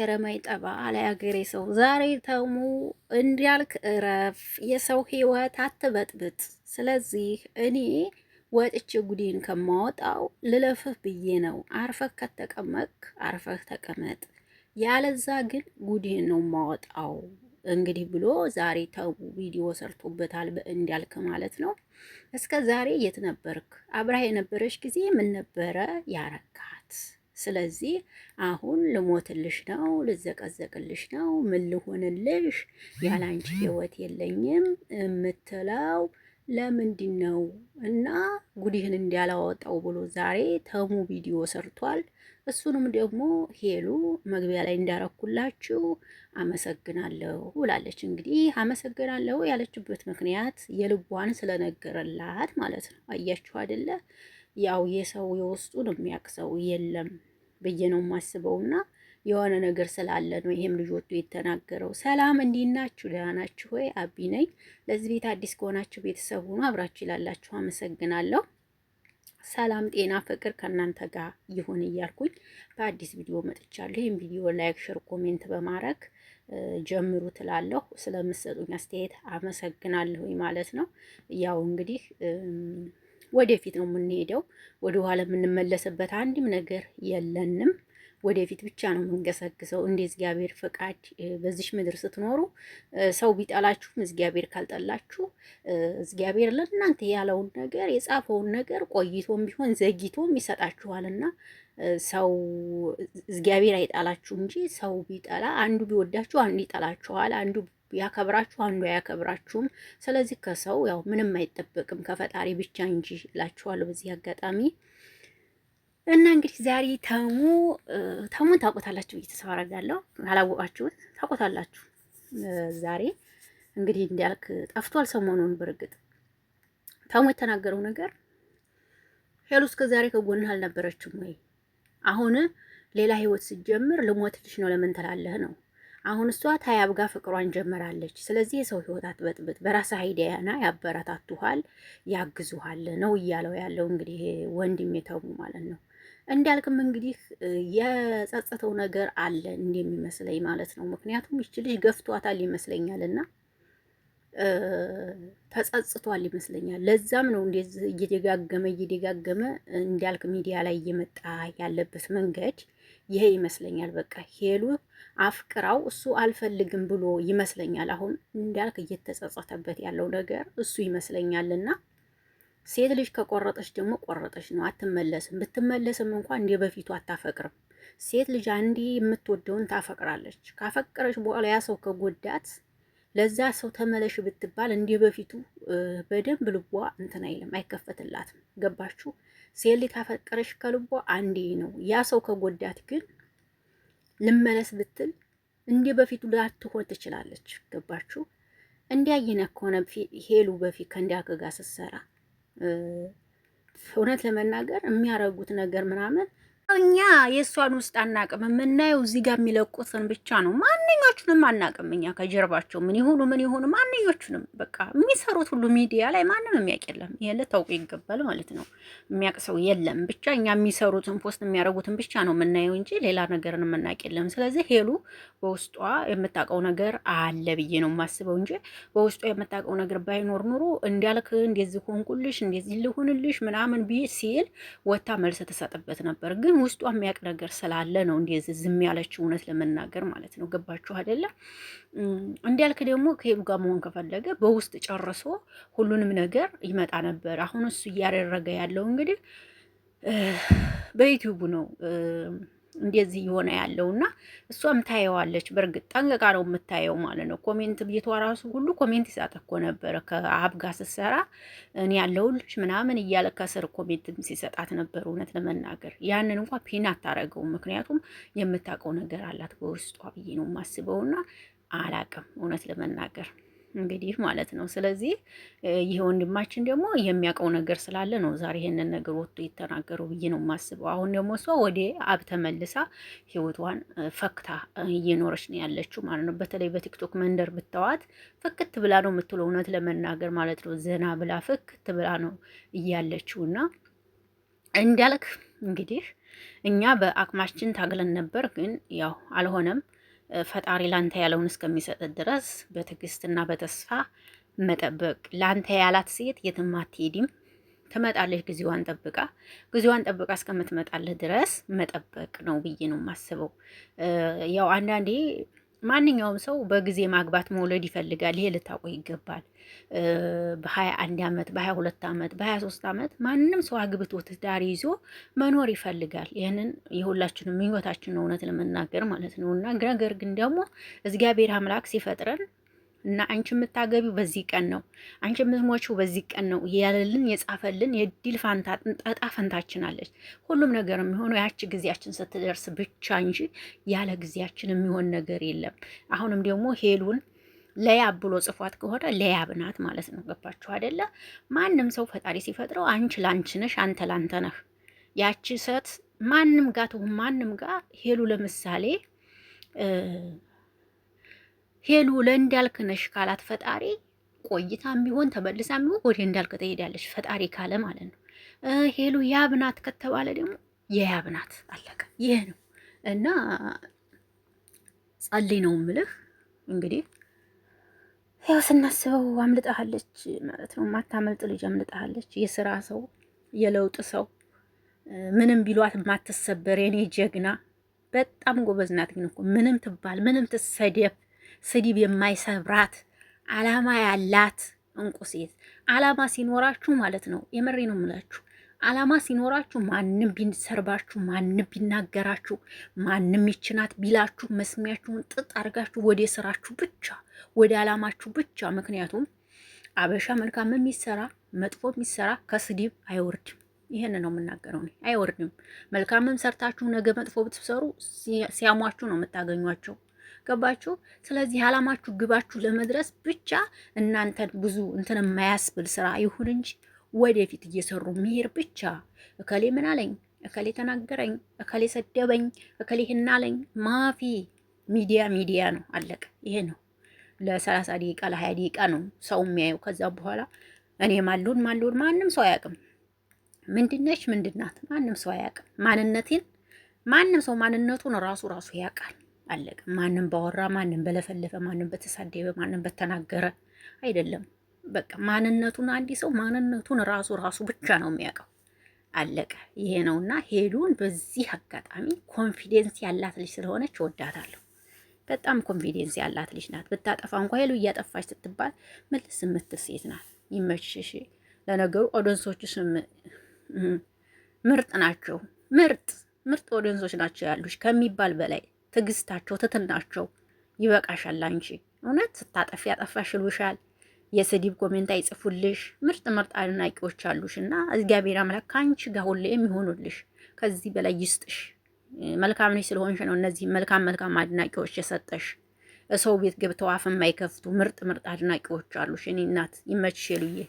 ከረማ ይጠባ አለ ያገሬ ሰው። ዛሬ ተሙ እንዲያልክ እረፍ፣ የሰው ህይወት አትበጥብጥ። ስለዚህ እኔ ወጥቼ ጉዴን ከማወጣው ልለፍህ ብዬ ነው። አርፈህ ከተቀመጥክ አርፈህ ተቀመጥ፣ ያለዛ ግን ጉዴን ነው ማወጣው። እንግዲህ ብሎ ዛሬ ተው ቪዲዮ ሰርቶበታል፣ በእንዳልክ ማለት ነው። እስከ ዛሬ የት ነበርክ? አብራህ የነበረች ጊዜ ምን ነበረ ያረካት? ስለዚህ አሁን ልሞትልሽ ነው፣ ልዘቀዘቅልሽ ነው፣ ምን ልሆንልሽ፣ ያላንቺ ህይወት የለኝም የምትለው ለምንድን ነው? እና ጉዲህን እንዳላወጣው ብሎ ዛሬ ተሙ ቪዲዮ ሰርቷል። እሱንም ደግሞ ሄሉ መግቢያ ላይ እንዳረኩላችሁ አመሰግናለሁ ብላለች። እንግዲህ አመሰግናለሁ ያለችበት ምክንያት የልቧን ስለነገረላት ማለት ነው። አያችሁ አይደለ? ያው የሰው የውስጡን የሚያውቅ የለም። ብዬ ነው የማስበው እና የሆነ ነገር ስላለ ነው ይሄም ልጆቹ የተናገረው። ሰላም እንዲናችሁ ናችሁ? ደህና ናችሁ ወይ? አቢ ነኝ። ለዚህ ቤት አዲስ ከሆናችሁ ቤተሰብ ሆኖ አብራችሁ ይላላችሁ። አመሰግናለሁ። ሰላም፣ ጤና፣ ፍቅር ከእናንተ ጋር ይሁን እያልኩኝ በአዲስ ቪዲዮ መጥቻለሁ። ይህም ቪዲዮ ላይክ፣ ሸር፣ ኮሜንት በማድረግ ጀምሩ ትላለሁ። ስለምሰጡኝ አስተያየት አመሰግናለሁኝ ማለት ነው። ያው እንግዲህ ወደፊት ነው የምንሄደው። ወደኋላ የምንመለስበት አንድም ነገር የለንም። ወደፊት ብቻ ነው የምንገሰግሰው። እንደ እግዚአብሔር ፈቃድ በዚሽ ምድር ስትኖሩ ሰው ቢጠላችሁም እግዚአብሔር ካልጠላችሁ እግዚአብሔር ለእናንተ ያለውን ነገር የጻፈውን ነገር ቆይቶም ቢሆን ዘግይቶም ይሰጣችኋልና ሰው እግዚአብሔር አይጣላችሁ እንጂ ሰው ቢጠላ አንዱ ቢወዳችሁ አንዱ ይጠላችኋል። አንዱ ያከብራችሁ፣ አንዱ አያከብራችሁም። ስለዚህ ከሰው ያው ምንም አይጠበቅም ከፈጣሪ ብቻ እንጂ እላችኋለሁ በዚህ አጋጣሚ እና እንግዲህ ዛሬ ተሙ ተሙን ታውቆታላችሁ ብዬ ተስፋ አደርጋለሁ። ካላወቃችሁት ታውቆታላችሁ። ዛሬ እንግዲህ እንዲያልክ ጠፍቷል ሰሞኑን። በርግጥ ተሙ የተናገረው ነገር ሄሉ እስከ ዛሬ ከጎን አልነበረችም ወይ? አሁን ሌላ ህይወት ስጀምር ልሞትልሽ ነው ለምን ትላለህ ነው አሁን እሷ ታያብ ጋር ፍቅሯን ጀምራለች። ስለዚህ የሰው ህይወት አትበጥብጥ፣ በራስ አይዲያና ያበረታቱሃል፣ ያግዙሃል ነው እያለው ያለው እንግዲህ ወንድም የተው ማለት ነው። እንዳልክም እንግዲህ የጸጸተው ነገር አለ እንደሚመስለኝ ማለት ነው። ምክንያቱም ይች ልጅ ገፍቷታል ይመስለኛልና ተጸጽቷል ይመስለኛል። ለዛም ነው እንደዚህ እየደጋገመ እየደጋገመ እንዳልክ ሚዲያ ላይ እየመጣ ያለበት መንገድ ይሄ ይመስለኛል በቃ ሄሉ አፍቅራው እሱ አልፈልግም ብሎ ይመስለኛል። አሁን እንዳልክ እየተጸጸተበት ያለው ነገር እሱ ይመስለኛልና ሴት ልጅ ከቆረጠች ደግሞ ቆረጠች ነው፣ አትመለስም። ብትመለስም እንኳን እንደ በፊቱ አታፈቅርም። ሴት ልጅ አንዴ የምትወደውን ታፈቅራለች። ካፈቀረች በኋላ ያ ሰው ከጎዳት ለዛ ሰው ተመለሽ ብትባል እንዲህ በፊቱ በደንብ ልቧ እንትን አይልም፣ አይከፈትላትም። ገባችሁ? ሴሊ ካፈቀረሽ ከልቧ አንዴ ነው። ያ ሰው ከጎዳት ግን ልመለስ ብትል እንዲህ በፊቱ ላትሆን ትችላለች። ገባችሁ? እንዲያየነ ከሆነ ሄሉ በፊት ከእንዲያገጋ ስትሰራ እውነት ለመናገር የሚያረጉት ነገር ምናምን እኛ የእሷን ውስጥ አናቅም። የምናየው እዚህ ጋር የሚለቁትን ብቻ ነው። ማንኞቹንም አናቅም። እኛ ከጀርባቸው ምን ይሆኑ ምን ይሆኑ ማንኞቹንም በቃ የሚሰሩት ሁሉ ሚዲያ ላይ ማንም የሚያውቅ የለም። ይሄን ልታውቁ ይገባል ማለት ነው። የሚያውቅ ሰው የለም። ብቻ እኛ የሚሰሩትን ፖስት የሚያደርጉትን ብቻ ነው የምናየው እንጂ ሌላ ነገርን የምናውቅ የለም። ስለዚህ ሄሉ በውስጧ የምታውቀው ነገር አለ ብዬ ነው የማስበው እንጂ በውስጧ የምታውቀው ነገር ባይኖር ኑሮ እንዲያልክ እንደዚህ ሆንኩልሽ እንደዚህ ልሆንልሽ ምናምን ብዬ ሲል ወታ መልስ ተሰጥበት ነበር ግን ውስጧ የሚያውቅ ነገር ስላለ ነው እንደዚህ ዝም ያለችው፣ እውነት ለመናገር ማለት ነው። ገባችሁ አይደለ? እንዲያልክ ደግሞ ከሄሉ ጋር መሆን ከፈለገ በውስጥ ጨርሶ ሁሉንም ነገር ይመጣ ነበር። አሁን እሱ እያደረገ ያለው እንግዲህ በዩቲዩቡ ነው። እንደዚህ የሆነ ያለው እና እሷም ታየዋለች። በእርግጥ ጠንቀቃ ነው የምታየው ማለት ነው። ኮሜንት ቤቷ ራሱ ሁሉ ኮሜንት ይሰጣት እኮ ነበረ ከአብ ጋር ስትሰራ እኔ ያለሁልሽ ምናምን እያለ ከስር ኮሜንት ሲሰጣት ነበር። እውነት ለመናገር ያንን እንኳ ፒን አታረገውም። ምክንያቱም የምታውቀው ነገር አላት በውስጧ ብዬ ነው የማስበውና አላቅም እውነት ለመናገር እንግዲህ ማለት ነው። ስለዚህ ይህ ወንድማችን ደግሞ የሚያውቀው ነገር ስላለ ነው ዛሬ ይሄንን ነገር ወጥቶ የተናገረው ብዬ ነው የማስበው። አሁን ደግሞ እሷ ወደ አብ ተመልሳ ህይወቷን ፈክታ እየኖረች ነው ያለችው ማለት ነው። በተለይ በቲክቶክ መንደር ብታዋት ፍክት ብላ ነው የምትለው እውነት ለመናገር ማለት ነው። ዘና ብላ ፍክት ብላ ነው እያለችው እና እንዳልክ እንግዲህ እኛ በአቅማችን ታግለን ነበር፣ ግን ያው አልሆነም። ፈጣሪ ላንተ ያለውን እስከሚሰጥ ድረስ በትዕግስትና በተስፋ መጠበቅ። ላንተ ያላት ሴት የትም አትሄድም፣ ትመጣለች። ጊዜዋን ጠብቃ ጊዜዋን ጠብቃ እስከምትመጣልህ ድረስ መጠበቅ ነው ብዬ ነው የማስበው። ያው አንዳንዴ ማንኛውም ሰው በጊዜ ማግባት መውለድ ይፈልጋል። ይሄ ልታውቁ ይገባል። በሀያ አንድ ዓመት በሀያ ሁለት ዓመት በሀያ ሶስት ዓመት ማንም ሰው አግብቶ ትዳር ይዞ መኖር ይፈልጋል። ይህንን የሁላችንም ምኞታችን እውነት ለመናገር ማለት ነው እና ነገር ግን ደግሞ እግዚአብሔር አምላክ ሲፈጥረን እና አንቺ የምታገቢው በዚህ ቀን ነው፣ አንቺ የምትሞችው በዚህ ቀን ነው ያለልን የጻፈልን የድል ዕጣ ፈንታችን አለች። ሁሉም ነገር የሚሆነው ያቺ ጊዜያችን ስትደርስ ብቻ እንጂ ያለ ጊዜያችን የሚሆን ነገር የለም። አሁንም ደግሞ ሄሉን ለያብ ብሎ ጽፏት ከሆነ ለያብ ናት ማለት ነው። ገባችሁ አይደለ? ማንም ሰው ፈጣሪ ሲፈጥረው አንቺ ላንቺ ነሽ፣ አንተ ላንተ ነህ። ያቺ ሰት ማንም ጋ ትሁን ማንም ጋ ሄሉ ለምሳሌ ሄሉ ለእንዳልክ ነሽ ካላት ፈጣሪ ቆይታም ቢሆን ተመልሳም ቢሆን ወደ እንዳልክ ትሄዳለች፣ ፈጣሪ ካለ ማለት ነው። ሄሉ ያብናት ከተባለ ደግሞ የያብናት አለቀ። ይሄ ነው እና ጸልይ ነው ምልህ እንግዲህ ያው ስናስበው አምልጣሃለች ማለት ነው። ማታመልጥ ልጅ አምልጣሃለች። የስራ ሰው፣ የለውጥ ሰው ምንም ቢሏት ማትሰበር የኔ ጀግና፣ በጣም ጎበዝ ናት። ግን እኮ ምንም ትባል ምንም ትሰደብ ስድብ የማይሰብራት አላማ ያላት እንቁ ሴት። አላማ ሲኖራችሁ ማለት ነው፣ የምሬ ነው የምላችሁ። አላማ ሲኖራችሁ ማንም ቢሰርባችሁ፣ ማንም ቢናገራችሁ፣ ማንም ይችናት ቢላችሁ መስሚያችሁን ጥጥ አድርጋችሁ ወደ ስራችሁ ብቻ፣ ወደ አላማችሁ ብቻ። ምክንያቱም አበሻ መልካም የሚሰራ መጥፎ የሚሰራ ከስድብ አይወርድም። ይህን ነው የምናገረው። አይወርድም። መልካምም ሰርታችሁ ነገ መጥፎ ብትሰሩ ሲያሟችሁ ነው የምታገኟቸው። ገባችሁ? ስለዚህ አላማችሁ ግባችሁ ለመድረስ ብቻ እናንተን ብዙ እንትን የማያስብል ስራ ይሁን እንጂ ወደፊት እየሰሩ መሄድ ብቻ። እከሌ ምን አለኝ፣ እከሌ ተናገረኝ፣ እከሌ ሰደበኝ፣ እከሌ ይሄን አለኝ ማፊ። ሚዲያ ሚዲያ ነው፣ አለቀ። ይሄ ነው። ለሰላሳ ደቂቃ ለሀያ ደቂቃ ነው ሰው የሚያየው። ከዛ በኋላ እኔ ማሉን ማሉን ማንም ሰው አያውቅም። ምንድነች ምንድናት ማንም ሰው አያውቅም። ማንነቴን ማንም ሰው ማንነቱን ራሱ ራሱ ያውቃል። አለቀ። ማንም ባወራ፣ ማንም በለፈለፈ፣ ማንም በተሳደበ፣ ማንም በተናገረ አይደለም። በቃ ማንነቱን አንድ ሰው ማንነቱን ራሱ ራሱ ብቻ ነው የሚያውቀው። አለቀ። ይሄ ነውና ሄሉን በዚህ አጋጣሚ ኮንፊደንስ ያላት ልጅ ስለሆነች እወዳታለሁ። በጣም ኮንፊደንስ ያላት ልጅ ናት። ብታጠፋ እንኳ ሄሉ እያጠፋች ስትባል መልስ የምትል ሴት ናት። ይመችሽ። ለነገሩ ኦደንሶችሽ ምርጥ ናቸው። ምርጥ ምርጥ ኦደንሶች ናቸው ያሉሽ ከሚባል በላይ ትዕግስታቸው፣ ትትናቸው ይበቃሻል። አንቺ እውነት ስታጠፊ ያጠፋሽ ይሉሻል። የስድብ ኮሜንት አይጽፉልሽ። ምርጥ ምርጥ አድናቂዎች አሉሽ እና እግዚአብሔር አምላክ ከአንቺ ጋር ሁሌም የሚሆኑልሽ ከዚህ በላይ ይስጥሽ። መልካም ነሽ ስለሆንሽ ነው እነዚህ መልካም መልካም አድናቂዎች የሰጠሽ። ሰው ቤት ገብተው አፍ የማይከፍቱ ምርጥ ምርጥ አድናቂዎች አሉሽ። እኔ እናት ይመችሽ የሉዬ